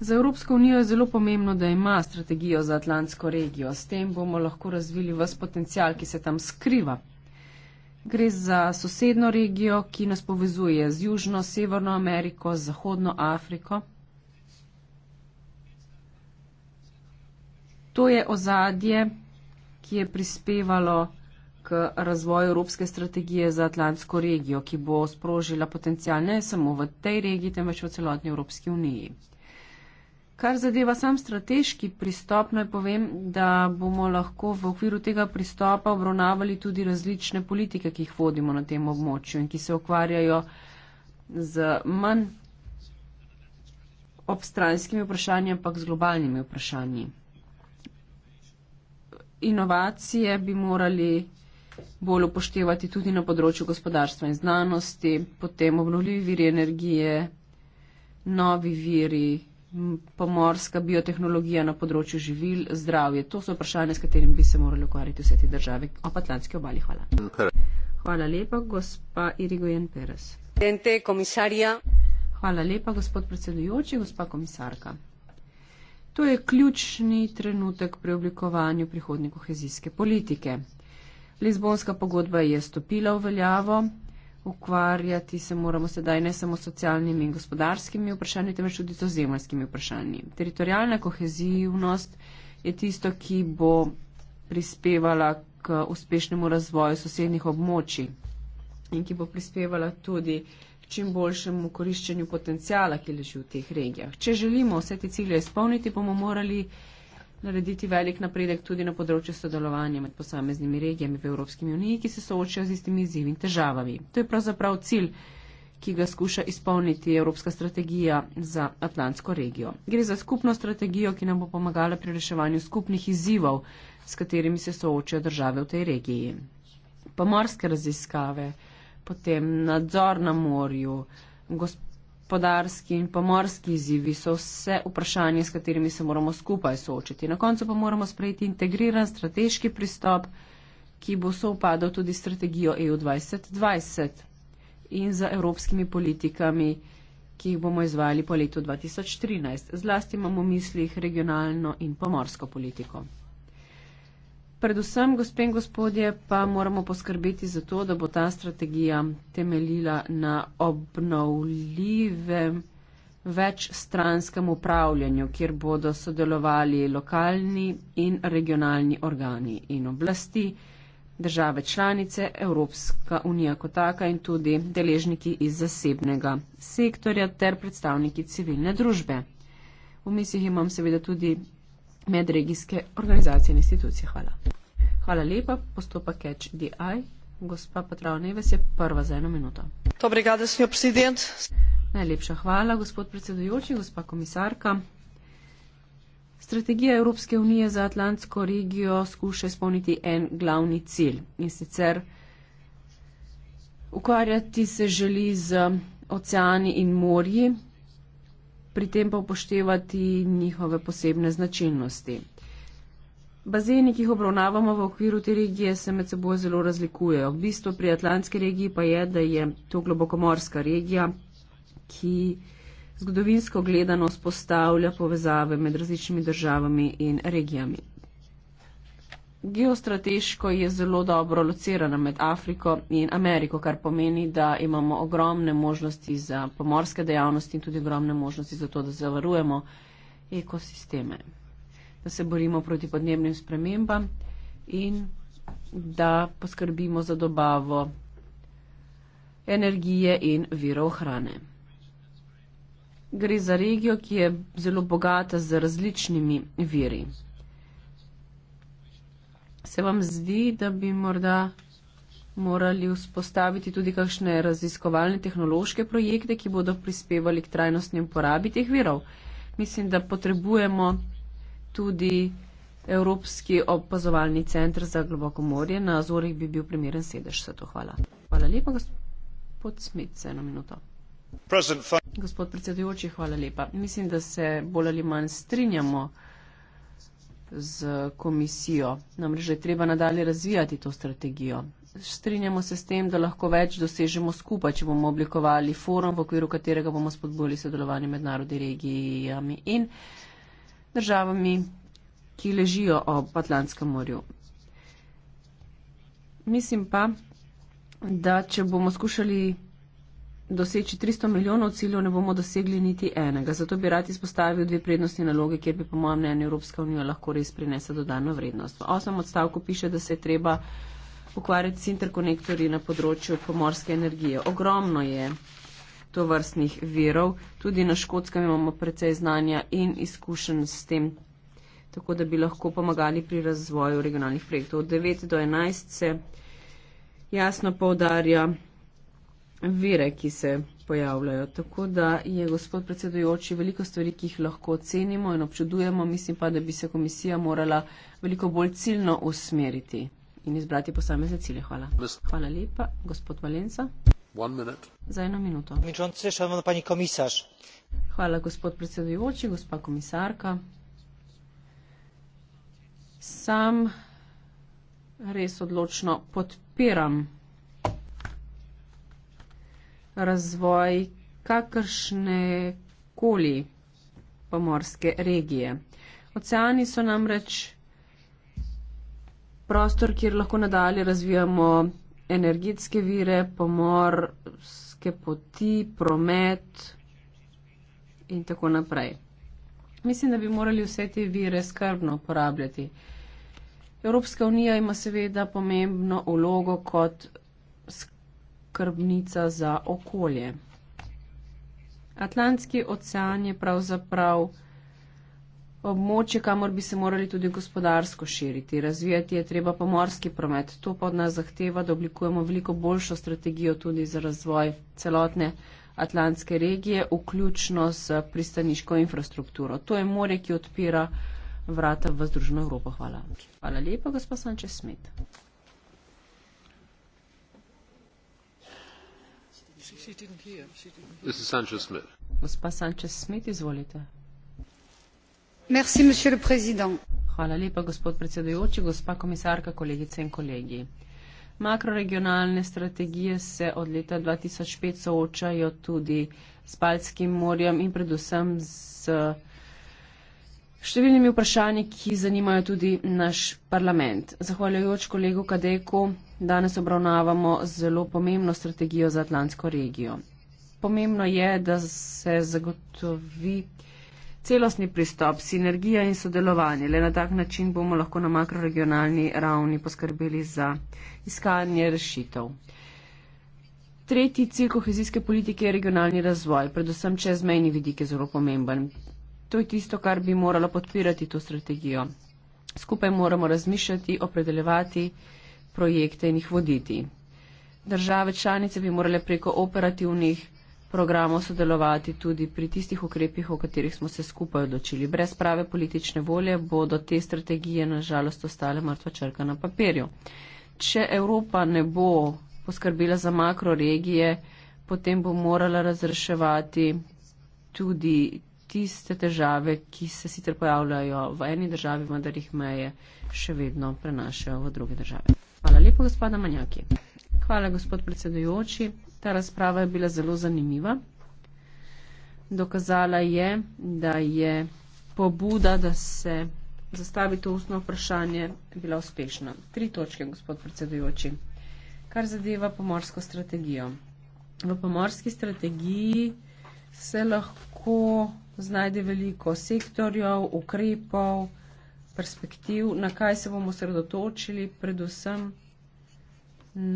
Za Evropsko unijo je zelo pomembno, da ima strategijo za Atlantsko regijo. S tem bomo lahko razvili vse potencial, ki se tam skriva. Gre za sosedno regijo, ki nas povezuje z Južno, Severno Ameriko, Zahodno Afriko. To je ozadje, ki je prispevalo k razvoju evropske strategije za Atlantsko regijo, ki bo sprožila potencijal ne samo v tej regiji, temveč v celotni Evropski uniji. Kar zadeva sam strateški pristop, naj povem, da bomo lahko v okviru tega pristopa obravnavali tudi različne politike, ki jih vodimo na tem območju in ki se ukvarjajo z manj obstranskimi vprašanji, ampak z globalnimi vprašanji. Inovacije bi morali bolj upoštevati tudi na področju gospodarstva in znanosti, potem obnovljivi viri energije, novi viri, pomorska biotehnologija na področju živil, zdravje. To so vprašanja, s katerimi bi se morali ukvarjati vse te države ob Atlantski obali. Hvala. Hvala lepa, gospa Irigojen Perez. Hvala lepa, gospod predsedujoči, gospa komisarka. To je ključni trenutek pri oblikovanju prihodne kohezijske politike. Lizbonska pogodba je stopila v veljavo. Ukvarjati se moramo sedaj ne samo s socialnimi in gospodarskimi vprašanji, temveč tudi z ozemljskimi vprašanji. Teritorijalna kohezivnost je tisto, ki bo prispevala k uspešnemu razvoju sosednjih območij in ki bo prispevala tudi čim boljšemu koriščenju potencijala, ki leži v teh regijah. Če želimo vse te cilje izpolniti, bomo morali narediti velik napredek tudi na področju sodelovanja med posameznimi regijami v Evropski uniji, ki se soočajo z istimi izzivi in težavami. To je pravzaprav cilj, ki ga skuša izpolniti Evropska strategija za Atlantsko regijo. Gre za skupno strategijo, ki nam bo pomagala pri reševanju skupnih izzivov, s katerimi se soočajo države v tej regiji. Pomorske raziskave, potem nadzor na morju, gospodarstvo, gospodarski in pomorski izzivi so vse vprašanje, s katerimi se moramo skupaj soočiti. Na koncu pa moramo sprejeti integriran strateški pristop, ki bo soupadal tudi strategijo EU 2020 in za evropskimi politikami, ki jih bomo izvajali po letu 2013. Zlasti imamo v mislih regionalno in pomorsko politiko predvsem, gospe in gospodje, pa moramo poskrbeti za to, da bo ta strategija temeljila na obnovljivem večstranskem upravljanju, kjer bodo sodelovali lokalni in regionalni organi in oblasti, države članice, Evropska unija kot taka in tudi deležniki iz zasebnega sektorja ter predstavniki civilne družbe. V mislih imam seveda tudi medregijske organizacije in institucije. Hvala. Hvala lepa. Postopa Catch DI. Gospa Petrava Neves je prva za eno minuto. Dobrigada, senjo president. Najlepša hvala, gospod predsedujoči, gospa komisarka. Strategija Evropske unije za Atlantsko regijo skuša izpolniti en glavni cilj in sicer ukvarjati se želi z oceani in morji, pri tem pa upoštevati njihove posebne značilnosti. Bazeni, ki jih obravnavamo v okviru te regije, se med seboj zelo razlikujejo. V bistvu pri Atlantski regiji pa je, da je to globokomorska regija, ki zgodovinsko gledano spostavlja povezave med različnimi državami in regijami geostrateško je zelo dobro locirana med Afriko in Ameriko, kar pomeni, da imamo ogromne možnosti za pomorske dejavnosti in tudi ogromne možnosti za to, da zavarujemo ekosisteme, da se borimo proti podnebnim spremembam in da poskrbimo za dobavo energije in virov hrane. Gre za regijo, ki je zelo bogata z različnimi viri. Se vam zdi, da bi morda morali vzpostaviti tudi kakšne raziskovalne tehnološke projekte, ki bodo prispevali k trajnostnem porabi teh virov? Mislim, da potrebujemo tudi Evropski opazovalni centr za globoko morje. Na Azorih bi bil primeren sedež za to. Hvala. Hvala lepa, gospod Smit, za eno minuto. Gospod predsedujoči, hvala lepa. Mislim, da se bolj ali manj strinjamo z komisijo. Namreč je treba nadalje razvijati to strategijo. Strinjamo se s tem, da lahko več dosežemo skupaj, če bomo oblikovali forum, v okviru katerega bomo spodbojili sodelovanje med narodi, regijami in državami, ki ležijo ob Atlantskem morju. Mislim pa, da če bomo skušali doseči 300 milijonov ciljev ne bomo dosegli niti enega. Zato bi rad izpostavil dve prednostni naloge, kjer bi, po mojem mnenju, Evropska unija lahko res prinesla dodano vrednost. V osmem odstavku piše, da se je treba ukvarjati s interkonektorji na področju pomorske energije. Ogromno je to vrstnih virov, tudi na škotskem imamo precej znanja in izkušenj s tem, tako da bi lahko pomagali pri razvoju regionalnih projektov. Od 9 do 11 se jasno povdarja, vire, ki se pojavljajo. Tako da je, gospod predsedujoči, veliko stvari, ki jih lahko ocenimo in občudujemo, mislim pa, da bi se komisija morala veliko bolj ciljno usmeriti in izbrati posamezne cilje. Hvala. Hvala lepa, gospod Valenca. Za eno minuto. Hvala, gospod predsedujoči, gospa komisarka. Sam res odločno podpiram razvoj kakršne koli pomorske regije. Oceani so namreč prostor, kjer lahko nadalje razvijamo energetske vire, pomorske poti, promet in tako naprej. Mislim, da bi morali vse te vire skrbno uporabljati. Evropska unija ima seveda pomembno vlogo kot skrbnica za okolje. Atlantski ocean je pravzaprav območje, kamor bi se morali tudi gospodarsko širiti. Razvijati je treba pomorski promet. To pa od nas zahteva, da oblikujemo veliko boljšo strategijo tudi za razvoj celotne Atlantske regije, vključno s pristaniško infrastrukturo. To je more, ki odpira vrata v Združeno Evropo. Hvala. Hvala lepa, gospod Sanče Smet. gospa Sanchez Smith, izvolite. Merci, Hvala lepa, gospod predsedujoči, gospa komisarka, kolegice in kolegi. Makroregionalne strategije se od leta 2005 soočajo tudi s Baltskim morjem in predvsem z številnimi vprašanji, ki zanimajo tudi naš parlament. Zahvaljujoč kolegu Kadeku Danes obravnavamo zelo pomembno strategijo za Atlantsko regijo. Pomembno je, da se zagotovi celostni pristop, sinergija in sodelovanje. Le na tak način bomo lahko na makroregionalni ravni poskrbeli za iskanje rešitev. Tretji cilj kohezijske politike je regionalni razvoj, predvsem čezmejni vidik je zelo pomemben. To je tisto, kar bi moralo podpirati to strategijo. Skupaj moramo razmišljati, opredeljevati projekte in jih voditi. Države članice bi morale preko operativnih programov sodelovati tudi pri tistih ukrepih, o katerih smo se skupaj odločili. Brez prave politične volje bodo te strategije nažalost ostale mrtva črka na papirju. Če Evropa ne bo poskrbila za makroregije, potem bo morala razreševati tudi tiste težave, ki se sicer pojavljajo v eni državi, vendar jih meje še vedno prenašajo v druge države. Hvala lepa, gospoda Manjaki. Hvala, gospod predsedujoči. Ta razprava je bila zelo zanimiva. Dokazala je, da je pobuda, da se zastavi to ustno vprašanje, bila uspešna. Tri točke, gospod predsedujoči. Kar zadeva pomorsko strategijo. V pomorski strategiji se lahko znajde veliko sektorjev, ukrepov, perspektiv, na kaj se bomo sredotočili, predvsem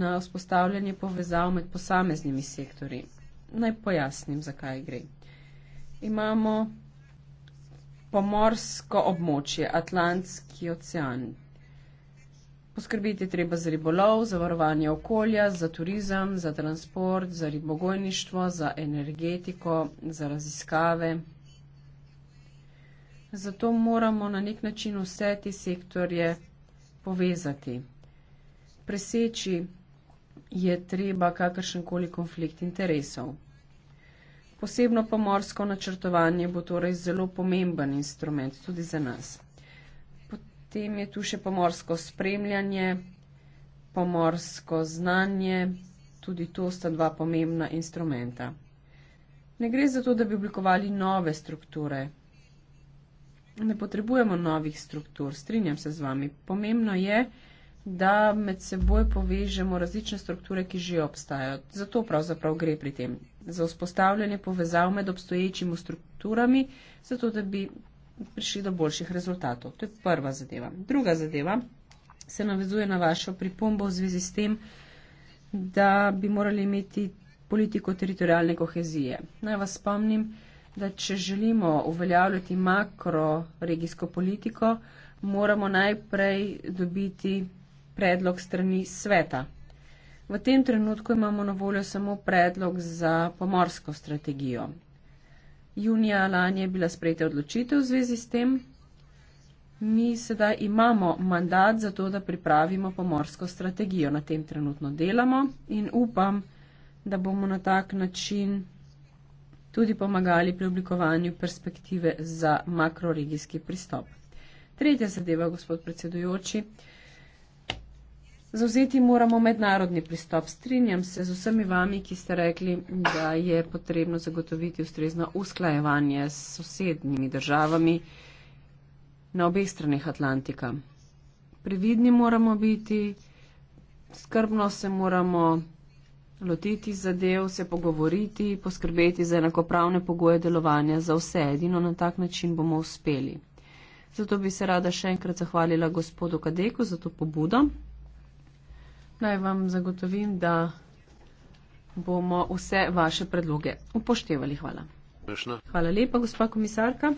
na vzpostavljanje povezav med posameznimi sektori. Naj pojasnim, zakaj gre. Imamo pomorsko območje, Atlantski ocean. Poskrbiti je treba za ribolov, za varovanje okolja, za turizem, za transport, za ribogojništvo, za energetiko, za raziskave zato moramo na nek način vse te sektorje povezati. Preseči je treba kakršenkoli konflikt interesov. Posebno pomorsko načrtovanje bo torej zelo pomemben instrument tudi za nas. Potem je tu še pomorsko spremljanje, pomorsko znanje, tudi to sta dva pomembna instrumenta. Ne gre za to, da bi oblikovali nove strukture, ne potrebujemo novih struktur. Strinjam se z vami. Pomembno je, da med seboj povežemo različne strukture, ki že obstajajo. Zato pravzaprav gre pri tem. Za vzpostavljanje povezav med obstoječimi strukturami, zato da bi prišli do boljših rezultatov. To je prva zadeva. Druga zadeva se navezuje na vašo pripombo v zvezi s tem, da bi morali imeti politiko teritorijalne kohezije. Naj vas spomnim, da če želimo uveljavljati makroregijsko politiko, moramo najprej dobiti predlog strani sveta. V tem trenutku imamo na voljo samo predlog za pomorsko strategijo. Junija lani je bila sprejeta odločitev v zvezi s tem. Mi sedaj imamo mandat za to, da pripravimo pomorsko strategijo. Na tem trenutno delamo in upam, da bomo na tak način tudi pomagali pri oblikovanju perspektive za makroregijski pristop. Tretja zadeva, gospod predsedujoči. Zavzeti moramo mednarodni pristop. Strinjam se z vsemi vami, ki ste rekli, da je potrebno zagotoviti ustrezno usklajevanje s sosednjimi državami na obeh stranih Atlantika. Previdni moramo biti, skrbno se moramo lotiti zadev, se pogovoriti, poskrbeti za enakopravne pogoje delovanja za vse. Edino na tak način bomo uspeli. Zato bi se rada še enkrat zahvalila gospodu Kadeku za to pobudo. Naj vam zagotovim, da bomo vse vaše predloge upoštevali. Hvala. Hvala lepa, gospa komisarka.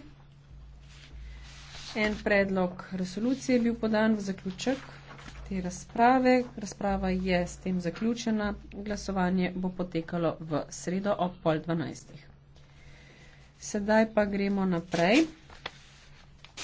En predlog resolucije je bil podan v zaključek te razprave. Razprava je s tem zaključena. Glasovanje bo potekalo v sredo ob pol dvanajstih. Sedaj pa gremo naprej.